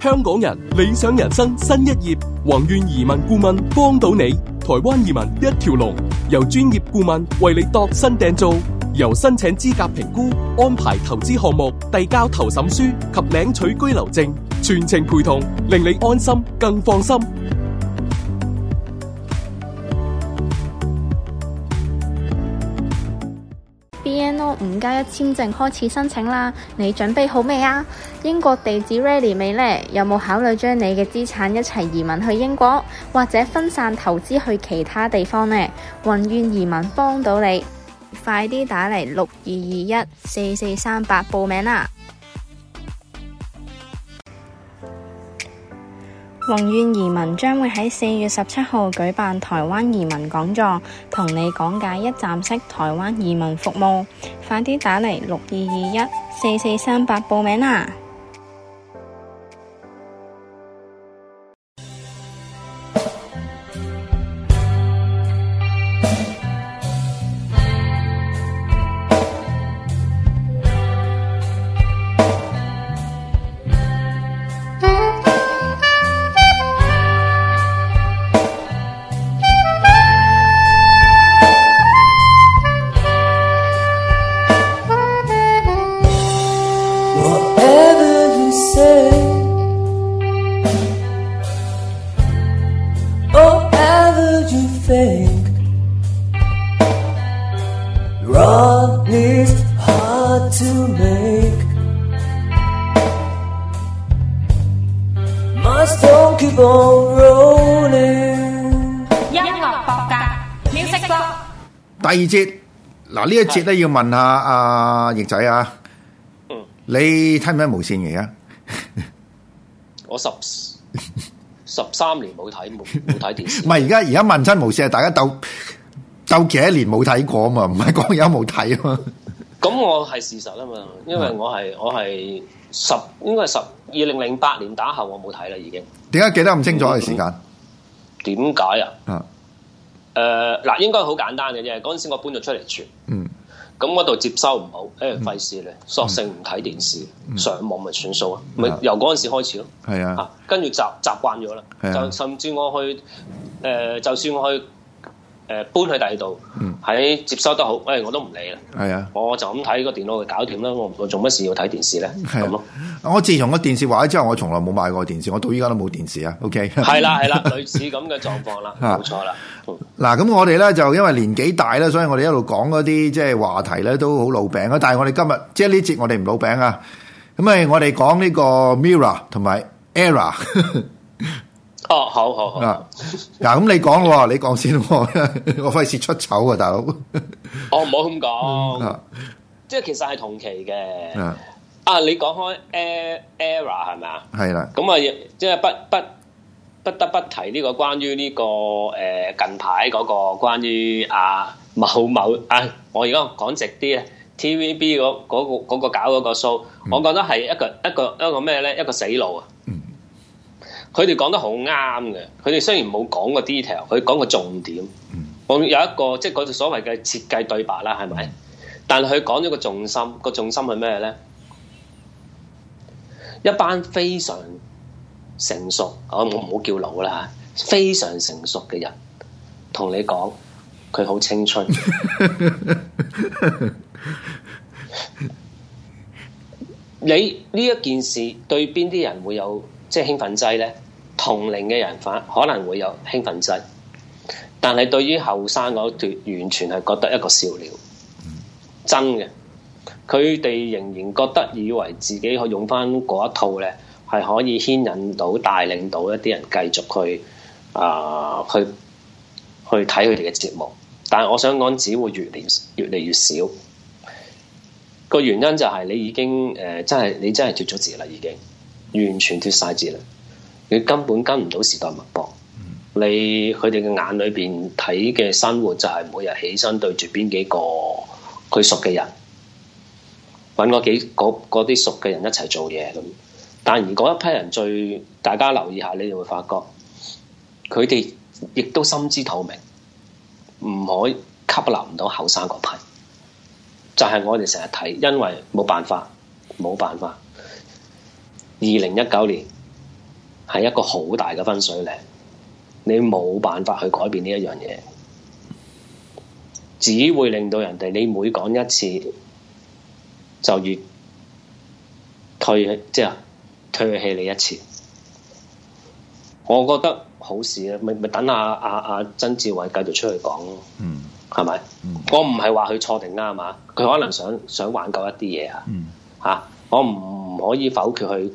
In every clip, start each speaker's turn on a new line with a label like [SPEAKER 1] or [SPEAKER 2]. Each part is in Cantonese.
[SPEAKER 1] 香港人理想人生新一頁，宏願移民顧問幫到你，台灣移民一條龍，由專業顧問為你度身訂造，由申請資格評估、安排投資項目、遞交投審書及領取居留證，全程陪同，令你安心更放心。五加一簽證開始申請啦，你準備好未啊？英國地址 ready 未呢？有冇考慮將你嘅資產一齊移民去英國，或者分散投資去其他地方呢？宏遠移民幫到你，快啲打嚟六二二一四四三八報名啦！宏願移民將會喺四月十七號舉辦台灣移民講座，同你講解一站式台灣移民服務，快啲打嚟六二二一四四三八報名啦！
[SPEAKER 2] 二節。嗱，呢一節咧，要問下阿翼仔啊，仔嗯、你睇唔睇無綫而家？
[SPEAKER 1] 我十 十三年冇睇冇睇電視，
[SPEAKER 2] 唔係而家而家問親無綫係大家鬥鬥幾多年冇睇過啊嘛？唔係講有冇睇啊嘛？
[SPEAKER 1] 咁 我係事實啊嘛，因為我係我係十應該係十二零零八年打後我冇睇啦，已經
[SPEAKER 2] 點解記得咁清楚嘅時間？點解、嗯嗯、啊？
[SPEAKER 1] 誒嗱、呃，應該好簡單嘅啫。嗰陣時我搬咗出嚟住，咁嗰度接收唔好，誒費事咧，嗯、索性唔睇電視，嗯、上網咪算數啊，咪由嗰陣時開始咯。係啊，跟住、啊、習習慣咗啦，啊、就甚至我去誒、呃，就算我去。誒搬去第二度，喺、嗯、接收得好，誒、哎、我都唔理啦。係啊，我就咁睇個電腦嘅搞掂啦。我我做乜事要睇電視咧？係
[SPEAKER 2] 咁咯。我自從個電視壞咗之後，我從來冇買過電視，我到依家都冇電視、okay? 啊。OK。係啦係啦，類似咁嘅狀況啦，冇 錯啦。嗱、嗯、咁我哋咧就因為年紀大啦，所以我哋一路講嗰啲即係話題咧都好老餅啊。但係我哋今日即係呢節我哋唔老餅啊。咁誒，我哋講呢個 Mirror 同埋 Error。
[SPEAKER 1] 哦、oh，好好
[SPEAKER 2] 好。嗱，咁你講咯，你講先，嗯嗯、 我費事出醜啊，大佬。
[SPEAKER 1] 我唔好咁講。即係 其實係同期嘅。 啊，你講開 era 係咪啊？係啦。咁啊，即係不不不得不提呢個關於呢、這個誒、呃、近排嗰個關於啊某某啊，我而家講直啲咧，TVB 嗰、那、嗰個、那個那個搞嗰個 show，嗯、我覺得係一個一個一個咩咧，一個死路啊。 佢哋講得好啱嘅，佢哋雖然冇講個 detail，佢講個重點。我、嗯、有一個即係嗰隻所謂嘅設計對白啦，係咪？但佢講咗個重心，個重心係咩咧？一班非常成熟，我我唔好叫老啦吓，非常成熟嘅人同你講，佢好青春。 你呢一件事對邊啲人會有？即係興奮劑咧，同齡嘅人反可能會有興奮劑，但係對於後生嗰段，完全係覺得一個笑料，真嘅。佢哋仍然覺得以為自己去用翻嗰一套咧，係可以牽引到帶領到一啲人繼續去啊、呃、去去睇佢哋嘅節目。但係我想講，只會越嚟越嚟越少。個原因就係你已經誒、呃，真係你真係脫咗節啦，已經。完全脫晒節啦！你根本跟唔到時代脈搏，你佢哋嘅眼裏邊睇嘅生活就係每日起身對住邊幾個佢熟嘅人，揾嗰幾啲熟嘅人一齊做嘢咁。但如果一批人最大家留意下，你哋會發覺佢哋亦都心知肚明，唔可以吸納唔到後生嗰批。就係、是、我哋成日睇，因為冇辦法，冇辦法。二零一九年係一個好大嘅分水嶺，你冇辦法去改變呢一樣嘢，只會令到人哋你每講一次就越退，即係退棄你一次。我覺得好事啊，咪咪等阿阿阿曾志偉繼續出去講咯，嗯，係咪吧？嗯、我唔係話佢錯定啱嘛，佢可能想、嗯、想挽救一啲嘢啊，吓、嗯啊，我唔。我唔可以否決佢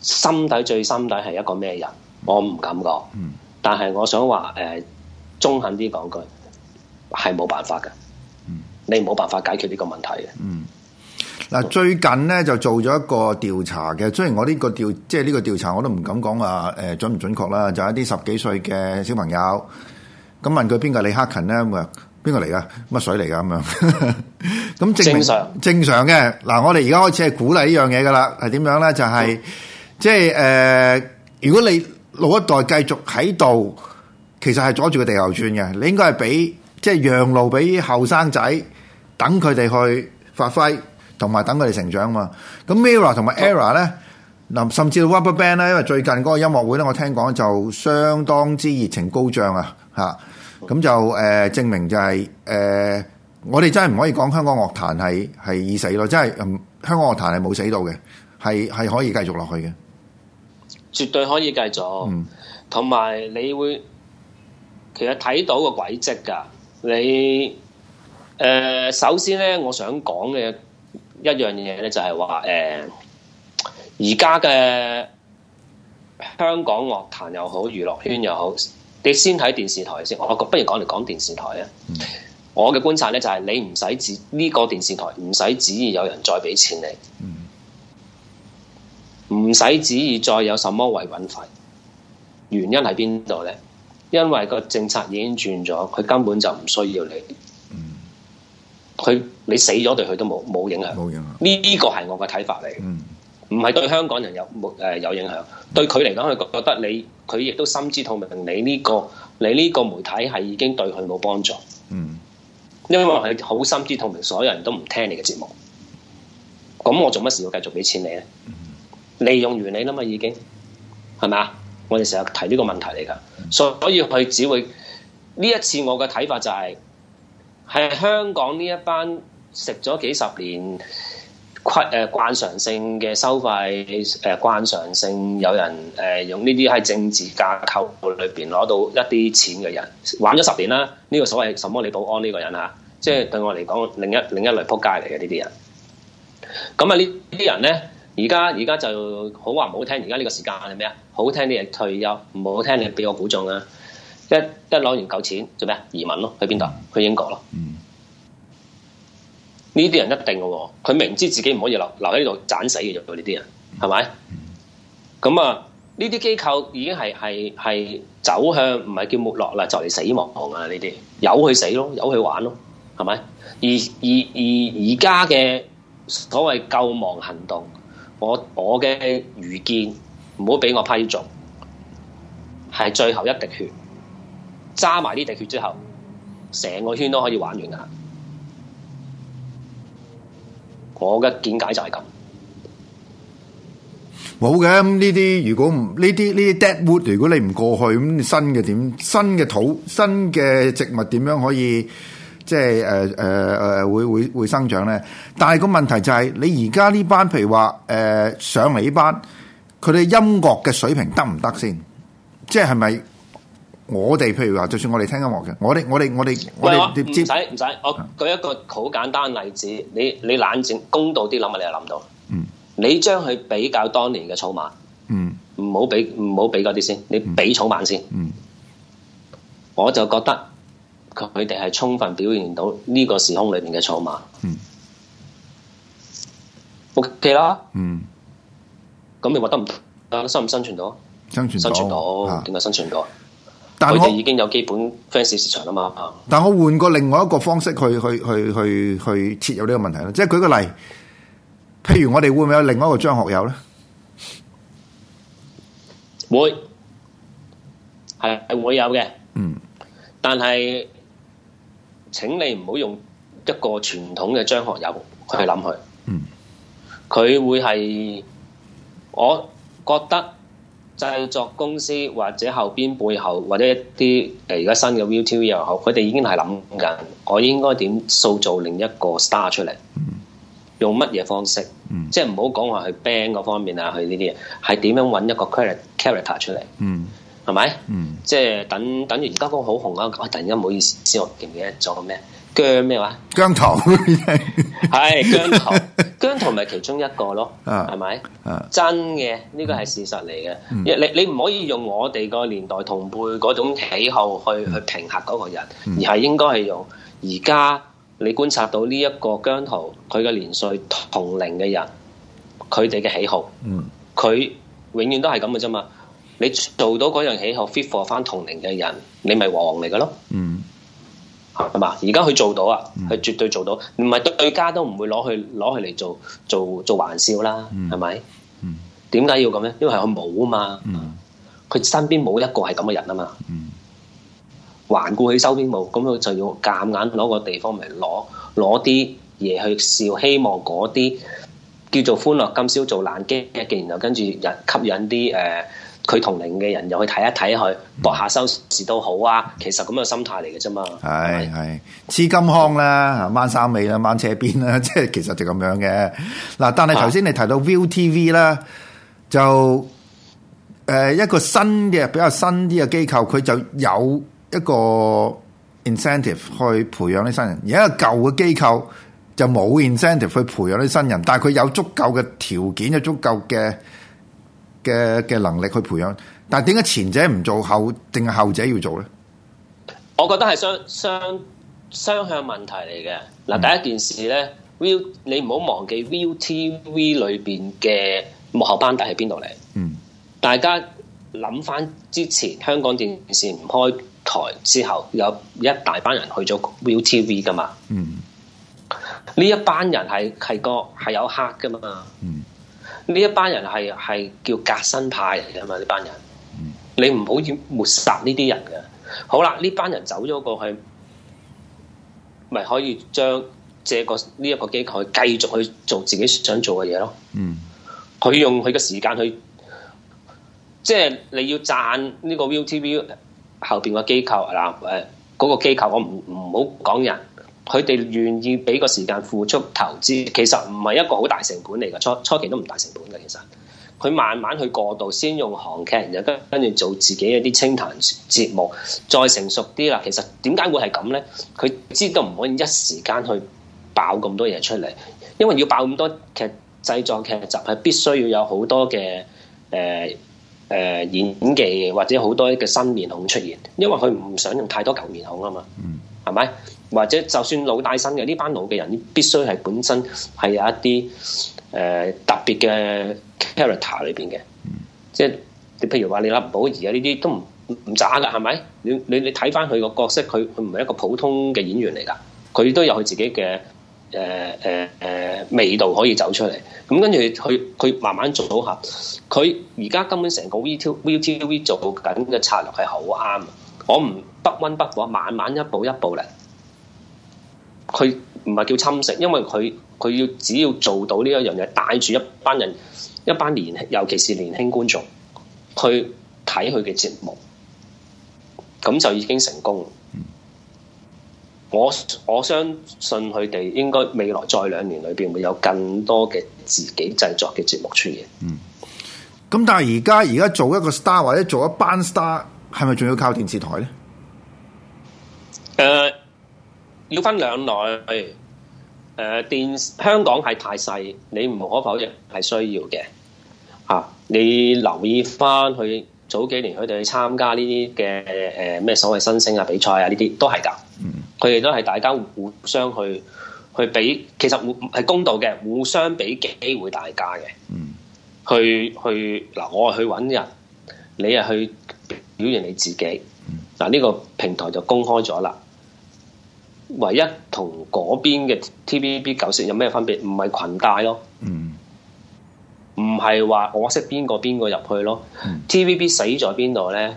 [SPEAKER 1] 心底最心底係一個咩人？我唔敢講，嗯、但係我想話誒、呃，中肯啲講句，係冇辦法嘅。嗯、你冇辦法解決呢個問題嘅。嗯，
[SPEAKER 2] 嗱最近咧就做咗一個調查嘅，雖然我呢個調即係呢個調查我，我都唔敢講話誒準唔準確啦，就係、一啲十幾歲嘅小朋友咁問佢邊個李克勤咧，咁啊邊個嚟噶乜水嚟噶咁樣.。 咁證明正常嘅。嗱，我哋而家開始係鼓勵呢樣嘢噶啦，係點樣咧？就係、是、即係誒、呃，如果你老一代繼續喺度，其實係阻住個地球轉嘅，你應該係俾即係讓路俾後生仔，等佢哋去發揮，同埋等佢哋成長嘛。咁 MIRROR 同埋 ERROR 咧，嗱好，甚至到 RubberBand 咧，因為最近嗰個音樂會咧，我聽講就相當之熱情高漲啊，吓、啊、咁就誒、呃、證明就係、是、誒。呃我哋真係唔可以講香港樂壇係，係已死咯，真係香港樂壇係冇死到嘅，係，係可以繼續落去嘅，
[SPEAKER 1] 絕對可以繼續。同埋、嗯、你會其實睇到個軌跡噶，你誒、呃、首先咧，我想講嘅一樣嘢咧，就係話誒而家嘅香港樂壇又好，娛樂圈又好，你先睇電視台先。我不如講嚟講電視台啊。嗯我嘅觀察咧，就係、是、你唔使指呢個電視台，唔使指意有人再俾錢你，唔使、嗯、指意再有什麼維穩費。原因喺邊度咧？因為個政策已經轉咗，佢根本就唔需要你。佢、嗯、你死咗對佢都冇冇影響。冇影響呢個係我嘅睇法嚟。唔係、嗯、對香港人有冇誒、呃、有影響？嗯、對佢嚟講，佢覺得你佢亦都心知肚明，你呢、這個你呢、這個、個媒體係已經對佢冇幫助。嗯。因為我係好心知肚明，所有人都唔聽你嘅節目，咁我做乜事要繼續俾錢給你咧？利用完你啦嘛，已經係咪啊？我哋成日提呢個問題嚟㗎，所以佢只會呢一次我嘅睇法就係、是，喺香港呢一班食咗幾十年。誒慣、呃、常性嘅收費，誒、呃、慣常性有人誒、呃、用呢啲喺政治架構裏邊攞到一啲錢嘅人，玩咗十年啦。呢、這個所謂什麼你保安呢個人嚇、啊，即係對我嚟講，另一另一類撲街嚟嘅呢啲人。咁啊，呢啲人咧，而家而家就好話唔好聽，而家呢個時間係咩啊？好聽啲係退休，唔好聽你俾我估中啊！一一攞完夠錢，做咩？移民咯，去邊度？去英國咯。呢啲人一定嘅、哦，佢明知自己唔可以留，留喺呢度盞死嘅啫。佢呢啲人，係咪？咁啊，呢啲機構已經係係係走向唔係叫沒落啦，就嚟死亡啊！呢啲由佢死咯，由佢玩咯，係咪？而而而而家嘅所謂救亡行動，我我嘅愚見，唔好俾我批准，係最後一滴血，揸埋呢滴血之後，成個圈都可以玩完噶。我嘅見解就係
[SPEAKER 2] 咁，冇嘅。咁呢啲如果唔呢啲呢啲 dead wood，如果你唔過去，咁新嘅點新嘅土新嘅植物點樣可以即係誒誒誒會會會生長咧？但係個問題就係、是、你而家呢班，譬如話誒、呃、上嚟呢班，佢哋音樂嘅水平得唔得先？即係係咪？我哋譬如話，就算我哋聽音樂嘅，我哋我哋我哋我哋唔使
[SPEAKER 1] 唔使，我舉一個好簡單例子，你你冷靜公道啲諗下，你就諗到。嗯，你將佢比較當年嘅草蜢，嗯，唔好比唔好比嗰啲先，你比草蜢先嗯。嗯，我就覺得佢哋係充分表現到呢個時空裏邊嘅草蜢。嗯，O K 啦。嗯，咁、嗯、你話得唔得？生唔生存到？
[SPEAKER 2] 生存生存到，
[SPEAKER 1] 點解生存到？但係佢哋已經有基本 fans 市場啦嘛，
[SPEAKER 2] 但我換過另外一個方式去去去去去切入呢個問題啦，即係舉個例，譬如我哋會唔會有另外一個張學友咧？
[SPEAKER 1] 會係係會有嘅。嗯，但係請你唔好用一個傳統嘅張學友去諗佢，嗯，佢會係我覺得。製作公司或者後邊背後或者一啲誒而家新嘅 ViuTV 又好，佢哋已經係諗緊，我應該點塑造另一個 star 出嚟？用乜嘢方式？嗯、即係唔好講話去 band 嗰方面啊，去呢啲嘢，係點樣搵一個 character character 出嚟？係咪？即係等等住而家個好紅啊、嗰個！我突然間唔好意思，先我記唔記得咗個咩？姜咩濤話 ？
[SPEAKER 2] 姜濤
[SPEAKER 1] 係姜濤，姜濤咪其中一個咯，係咪？真嘅，呢個係事實嚟嘅，嗯。你你唔可以用我哋個年代同輩嗰種喜好去，嗯、去評核嗰個人，而係應該係用而家你觀察到呢一個姜濤佢嘅年歲同齡嘅人，佢哋嘅喜好，嗯，佢永遠都係咁嘅啫嘛。你做到嗰樣喜好 fit for 翻同齡嘅人，你咪黃嚟嘅咯，嗯。係嘛？而家佢做到啊，佢絕對做到，唔係、嗯、對家都唔會攞去攞佢嚟做做做玩笑啦，係咪？點解、嗯嗯、要咁咧？因為係佢冇啊嘛，佢、嗯、身邊冇一個係咁嘅人啊嘛，環顧起周邊冇，咁佢就要夾硬攞個地方嚟攞攞啲嘢去笑，希望嗰啲叫做歡樂今宵做冷雞嘅，然後跟住引吸引啲誒。呃佢同齡嘅人又去睇一睇去搏下收視都好啊，其實咁樣個心態嚟嘅啫嘛。
[SPEAKER 2] 係係、嗯，黐金康啦，掹衫尾啦，掹車邊啦，即係其實就咁樣嘅。嗱，但係頭先你提到 ViuTV 啦，就誒、呃、一個新嘅比較新啲嘅機構，佢就有一個 incentive 去培養啲新人，而一個舊嘅機構就冇 incentive 去培養啲新人，但係佢有足夠嘅條件，有足夠嘅。嘅嘅能力去培養，但係點解前者唔做後，定係後者要做咧？
[SPEAKER 1] 我覺得係雙雙雙向問題嚟嘅。嗱，第一件事咧，Viu、嗯、你唔好忘記 ViuTV 裏邊嘅幕後班底係邊度嚟？嗯，大家諗翻之前香港電視唔開台之後，有一大班人去咗 ViuTV 噶嘛？嗯，呢一班人係係個係有黑噶嘛？嗯。呢一班人係係叫革新派嚟噶嘛？呢班人，你唔好要抹殺呢啲人嘅。好啦，呢班人走咗過去，咪可以將借個呢一個機構去繼續去做自己想做嘅嘢咯。嗯，佢用佢嘅時間去，即係你要贊呢個 ViuTV 後邊個機構嗱誒嗰個機構，我唔唔好講人。佢哋願意俾個時間付出投資，其實唔係一個好大成本嚟嘅。初初期都唔大成本嘅，其實佢慢慢去過渡，先用韓劇，然後跟跟住做自己一啲清談節目，再成熟啲啦。其實點解會係咁咧？佢知道唔可以一時間去爆咁多嘢出嚟，因為要爆咁多劇製作劇集，係必須要有好多嘅誒誒演技，或者好多嘅新面孔出現，因為佢唔想用太多舊面孔啊嘛。嗯，係咪？或者就算老帶新嘅呢班老嘅人，必須係本身係有一啲誒、呃、特別嘅 character 裏邊嘅，即係你譬如話你林保怡啊呢啲都唔唔渣噶，係咪？你你你睇翻佢個角色，佢佢唔係一個普通嘅演員嚟㗎，佢都有佢自己嘅誒誒誒味道可以走出嚟。咁、嗯、跟住佢佢慢慢做到下。佢而家根本成個 V T V T V 做緊嘅策略係好啱。我唔不溫不火，慢慢一步一步嚟。佢唔係叫侵蝕，因為佢佢要只要做到呢一樣嘢，帶住一班人、一班年輕，尤其是年輕觀眾，去睇佢嘅節目，咁就已經成功。嗯、我我相信佢哋應該未來再兩年裏邊會有更多嘅自己製作嘅節目出現。嗯。
[SPEAKER 2] 咁但係而家而家做一個 star 或者做一班 star，係咪仲要靠電視台呢？誒、
[SPEAKER 1] 呃。要分兩類，誒、呃、電香港係太細，你無可否認係需要嘅，嚇、啊、你留意翻去早幾年佢哋去參加呢啲嘅誒咩所謂新星啊比賽啊呢啲都係㗎，嗯，佢哋都係大家互相去去俾，其實互係公道嘅，互相俾機會大家嘅，嗯，去去嗱、呃、我係去搵人，你係去表現你自己，嗱、啊、呢、這個平台就公開咗啦。唯一同嗰邊嘅 TVB 舊色有咩分別，唔係裙帶咯，嗯，唔係話我識邊個邊個入去咯。嗯、TVB 死在邊度咧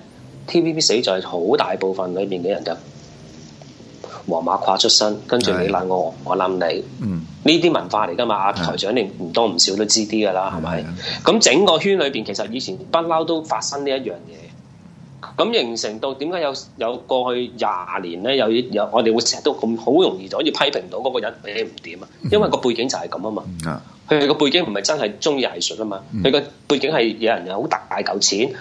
[SPEAKER 1] ？TVB 死在好大部分裏邊嘅人就皇馬跨出身，跟住你諗我，是我諗你，嗯，呢啲文化嚟噶嘛？阿、啊、台長一定唔多唔少都知啲噶啦，係咪是？咁吧整個圈裏邊，其實以前不嬲都發生呢一樣嘢。咁形成到點解有有過去廿年咧有有我哋會成日都咁好容易就可以批評到嗰個人咩唔掂啊？因為個背景就係咁啊嘛。佢哋個背景唔係真係中意藝術啊嘛。佢個、嗯、背景係有人好特大嚿錢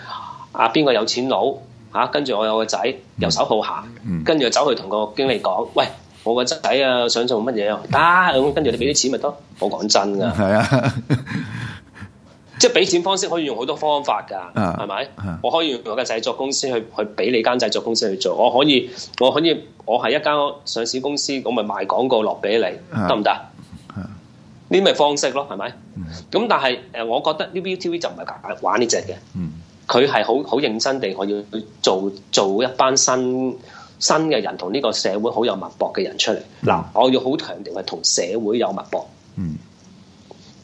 [SPEAKER 1] 啊，邊個有錢佬嚇、啊？跟住我有個仔遊手好閒，跟住走去同個經理講，喂，我個仔啊想做乜嘢？嗯嗯、啊，得，跟住你俾啲錢咪得。我講真㗎。係啊。即係俾錢方式可以用好多方法㗎，係咪？我可以用我嘅製作公司去去俾你間製作公司去做，我可以，我可以，我係一間上市公司，我咪賣廣告落俾你，得唔得？呢啲咪方式咯，係咪？咁、嗯、但係誒、呃，我覺得呢 ViuTV 就唔係玩呢隻嘅，佢係好好認真地我要去做做，做一班新新嘅人同呢個社會好有脈搏嘅人出嚟。嗱，我要好強調係同社會有脈搏，嗯。嗯。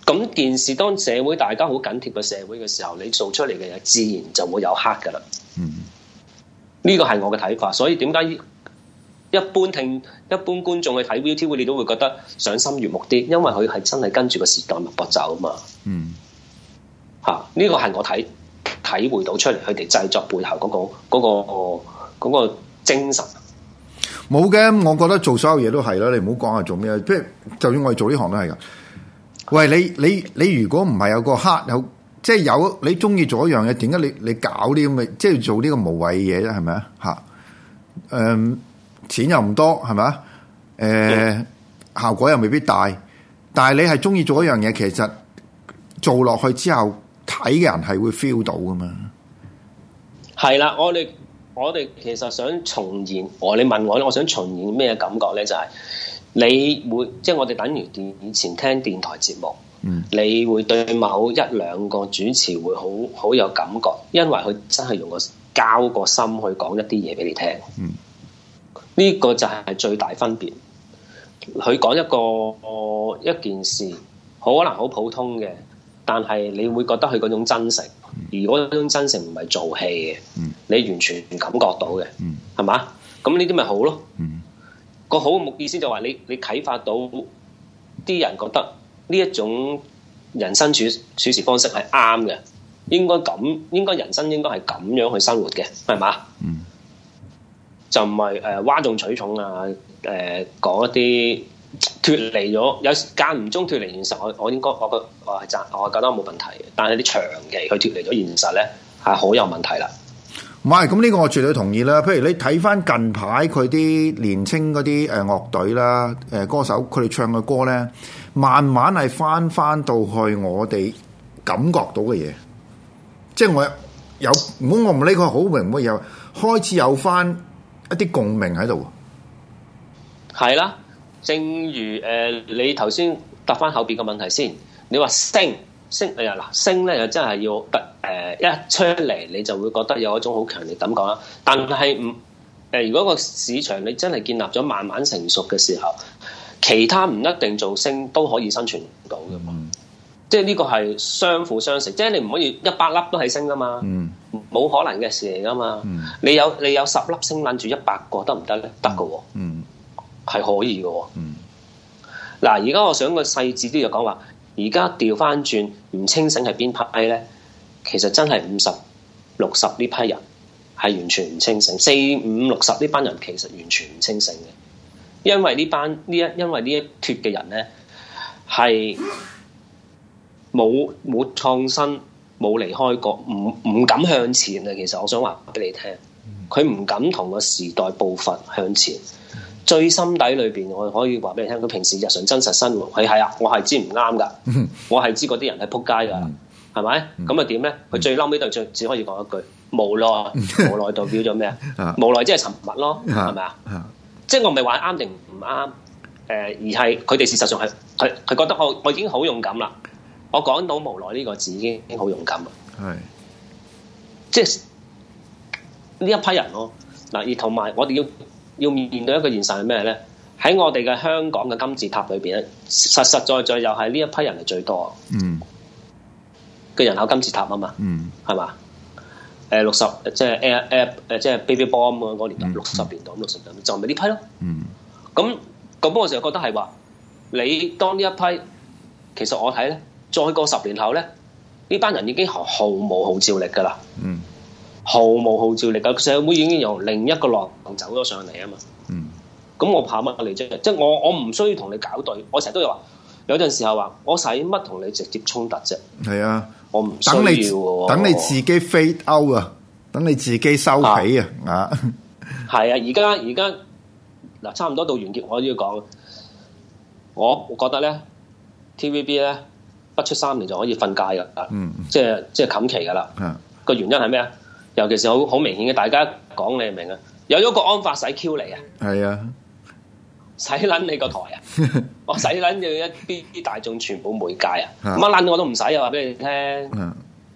[SPEAKER 1] 咁件事，當社會大家好緊貼嘅社會嘅時候，你做出嚟嘅嘢，自然就會有黑噶啦。嗯，呢個係我嘅睇法。所以點解一般聽一般觀眾去睇 Viu TV，你都會覺得賞心悅目啲，因為佢係真係跟住個時代脈搏走啊嘛。嗯，吓，呢個係我體體會到出嚟，佢哋製作背後嗰個嗰個嗰個精神。
[SPEAKER 2] 冇嘅，我覺得做所有嘢都係啦，你唔好講下做咩，即係就算我哋做呢行都係噶。喂，你你你如果唔係有個黑有，即係有你中意做一樣嘢，點解你你搞啲咁嘅，即係做呢個無謂嘢咧？係咪啊？吓，誒，錢又唔多，係咪啊？誒、uh，效果又未必大，但係你係中意做一樣嘢，其實做落去之後睇嘅人係會 feel 到噶嘛？
[SPEAKER 1] 係啦，我哋我哋其實想重現，我你問我咧，我想重現咩感覺咧，就係、是。你會即係我哋等於電以前聽電台節目，嗯，你會對某一兩個主持會好好有感覺，因為佢真係用個交個心去講一啲嘢俾你聽，嗯，呢個就係最大分別。佢講一個一件事，可能好普通嘅，但係你會覺得佢嗰種真誠，而嗰種真誠唔係做戲嘅，嗯，你完全感覺到嘅，嗯，係嘛？咁呢啲咪好咯，嗯。個好嘅目意思就話你你啟發到啲人覺得呢一種人生處處事方式係啱嘅，應該咁，應該人生應該係咁樣去生活嘅，係嘛？嗯，就唔係誒嘩眾取寵啊！誒、呃，講一啲脫離咗有間唔中脫離現實，我我應該我覺我係讚，我覺得冇問題嘅。但係啲長期去脫離咗現實咧，係好有問題啦。
[SPEAKER 2] 唔係，咁呢個我絕對同意啦。譬如你睇翻近排佢啲年青嗰啲誒樂隊啦、誒、呃、歌手，佢哋唱嘅歌咧，慢慢係翻翻到去我哋感覺到嘅嘢，即係我有，唔好我唔理佢好明喎，有開始有翻一啲共鳴喺度。
[SPEAKER 1] 係啦，正如誒、呃、你頭先答翻後邊嘅問題先，你話升。升啊！嗱，升咧又真係要，但、呃、誒一出嚟你就會覺得有一種好強烈，感覺啦。但係唔誒，如果個市場你真係建立咗慢慢成熟嘅時候，其他唔一定做升都可以生存到嘅嘛、嗯。即係呢個係相輔相成，即係你唔可以一百粒都係升噶嘛。冇、嗯、可能嘅事嚟噶嘛。嗯、你有你有十粒升攬住一百個得唔得咧？得嘅喎。嗯，係可以嘅喎、哦。嗯，嗱，而家我想個細緻啲嘅講話。而家調翻轉唔清醒係邊批呢？其實真係五十、六十呢批人係完全唔清醒，四、五、六十呢班人其實完全唔清醒嘅，因為呢班呢一因為呢一脱嘅人呢，係冇冇創新，冇離開過，唔唔敢向前啊！其實我想話俾你聽，佢唔敢同個時代步伐向前。最心底裏邊，我可以話俾你聽，佢平時日常真實生活，佢係啊，我係知唔啱噶，我係知嗰啲人係撲街噶，係咪、嗯？咁又點咧？佢、嗯、最嬲尾度，最只可以講一句無奈，無奈代表咗咩啊？ 無奈即係沉默咯，係咪啊？ 即係我唔係話啱定唔啱，誒、呃，而係佢哋事實上係佢佢覺得我我已經好勇敢啦，我講到無奈呢個字已經好勇敢啦，係， 即係呢一批人咯。嗱，而同埋我哋要。要面對一個現實係咩咧？喺我哋嘅香港嘅金字塔裏邊咧，實實在在又係呢一批人係最多，嘅人口金字塔啊嘛，係嘛、嗯？誒六十即係 Air Air 誒即係 Baby Boom 嗰年代，六十、嗯、年代、六十年代就咪、是、呢批咯？咁咁、嗯，我成日覺得係話，你當呢一批，其實我睇咧，再過十年後咧，呢班人已經毫毫無號召力噶啦。嗯毫無號召力噶，社會已經由另一個浪走咗上嚟啊嘛。嗯，咁我怕乜嚟啫？即係我我唔需要同你搞對。我成日都有話，有陣時候話我使乜同你直接衝突啫？
[SPEAKER 2] 係啊，我唔需你等你自己 fade out 啊，等你自己收起啊。啊，
[SPEAKER 1] 係 啊，而家而家嗱，差唔多到完結，我都要講，我覺得咧，TVB 咧不出三年就可以瞓街噶啦。嗯即，即係即係冚旗噶啦。嗯、啊，個原因係咩啊？尤其是好好明顯嘅，大家講你明唔明啊！有咗個國安法使 Q 嚟是啊，係啊，使撚你個台啊！我使撚要一啲啲大眾全部媒介是啊，乜撚我都唔使是啊！話俾你聽，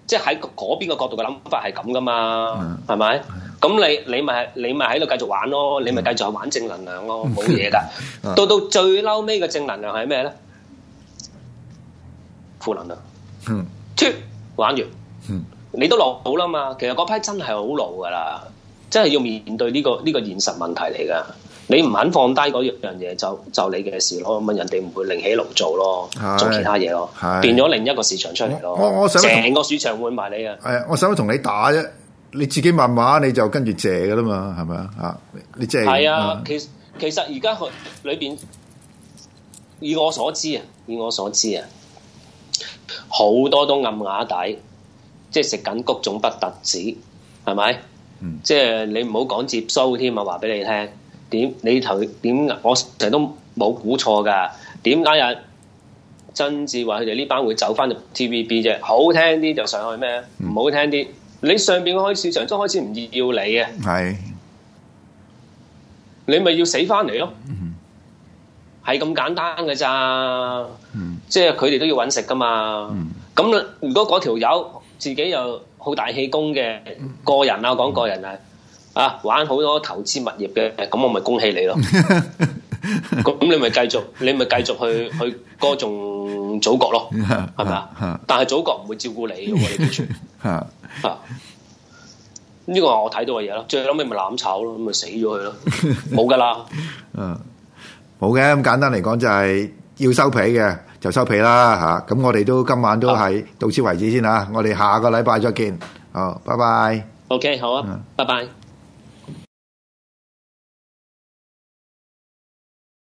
[SPEAKER 1] 即係喺嗰邊個角度嘅諗法係咁噶嘛，係咪是、啊？咁你你咪你咪喺度繼續玩咯，你咪繼續玩正能量咯，冇嘢噶。到是、啊、到最嬲尾嘅正能量係咩咧？負能量，嗯，玩完，嗯。你都落好啦嘛，其實嗰批真係好老噶啦，真係要面對呢個呢個現實問題嚟噶。你唔肯放低嗰樣嘢，就就你嘅事咯。問人哋唔會另起爐灶咯，是的 做其他嘢咯，是的 變咗另一個市場出嚟咯。我我，我想成個市場換埋你啊！
[SPEAKER 2] 誒，我想同你打啫，你自己問話你就跟住借噶啦嘛，係咪啊？啊，你借係啊。
[SPEAKER 1] 其實其實而家佢裏邊，以我所知啊，以我所知啊，好多都暗瓦底。即係食緊谷種不特止，係咪？嗯、即係你唔好講接收添啊！話俾你聽，點你頭點？我成日都冇估錯㗎。點解啊？曾志偉佢哋呢班會走翻到 TVB 啫，好聽啲就上去咩？唔、嗯、好聽啲，你上邊個開市場都開始唔要你嘅，係是 你咪要死翻嚟咯。係咁、嗯、簡單㗎咋？嗯、即係佢哋都要揾食㗎嘛。咁、嗯嗯、如果嗰條友，自己又好大氣功嘅個人,個人啊，講個人啊，啊玩好多投資物業嘅，咁我咪恭喜你咯。咁 你咪繼續，你咪繼續去去歌頌祖國咯，
[SPEAKER 2] 係咪啊？
[SPEAKER 1] 但係祖國唔會照顧你嘅，我哋記住嚇嚇。呢個係我睇到嘅嘢咯，最,最後尾咪攬炒咯，咁咪死咗佢咯，冇噶啦。嗯、 啊，
[SPEAKER 2] 冇嘅咁簡單嚟講就係、是、要收皮嘅。就收皮啦嚇，咁、啊、我哋都今晚都係到此為止先吓。Oh. 我哋下個禮拜再見。好，拜拜。OK，好啊，拜拜、嗯。Bye bye.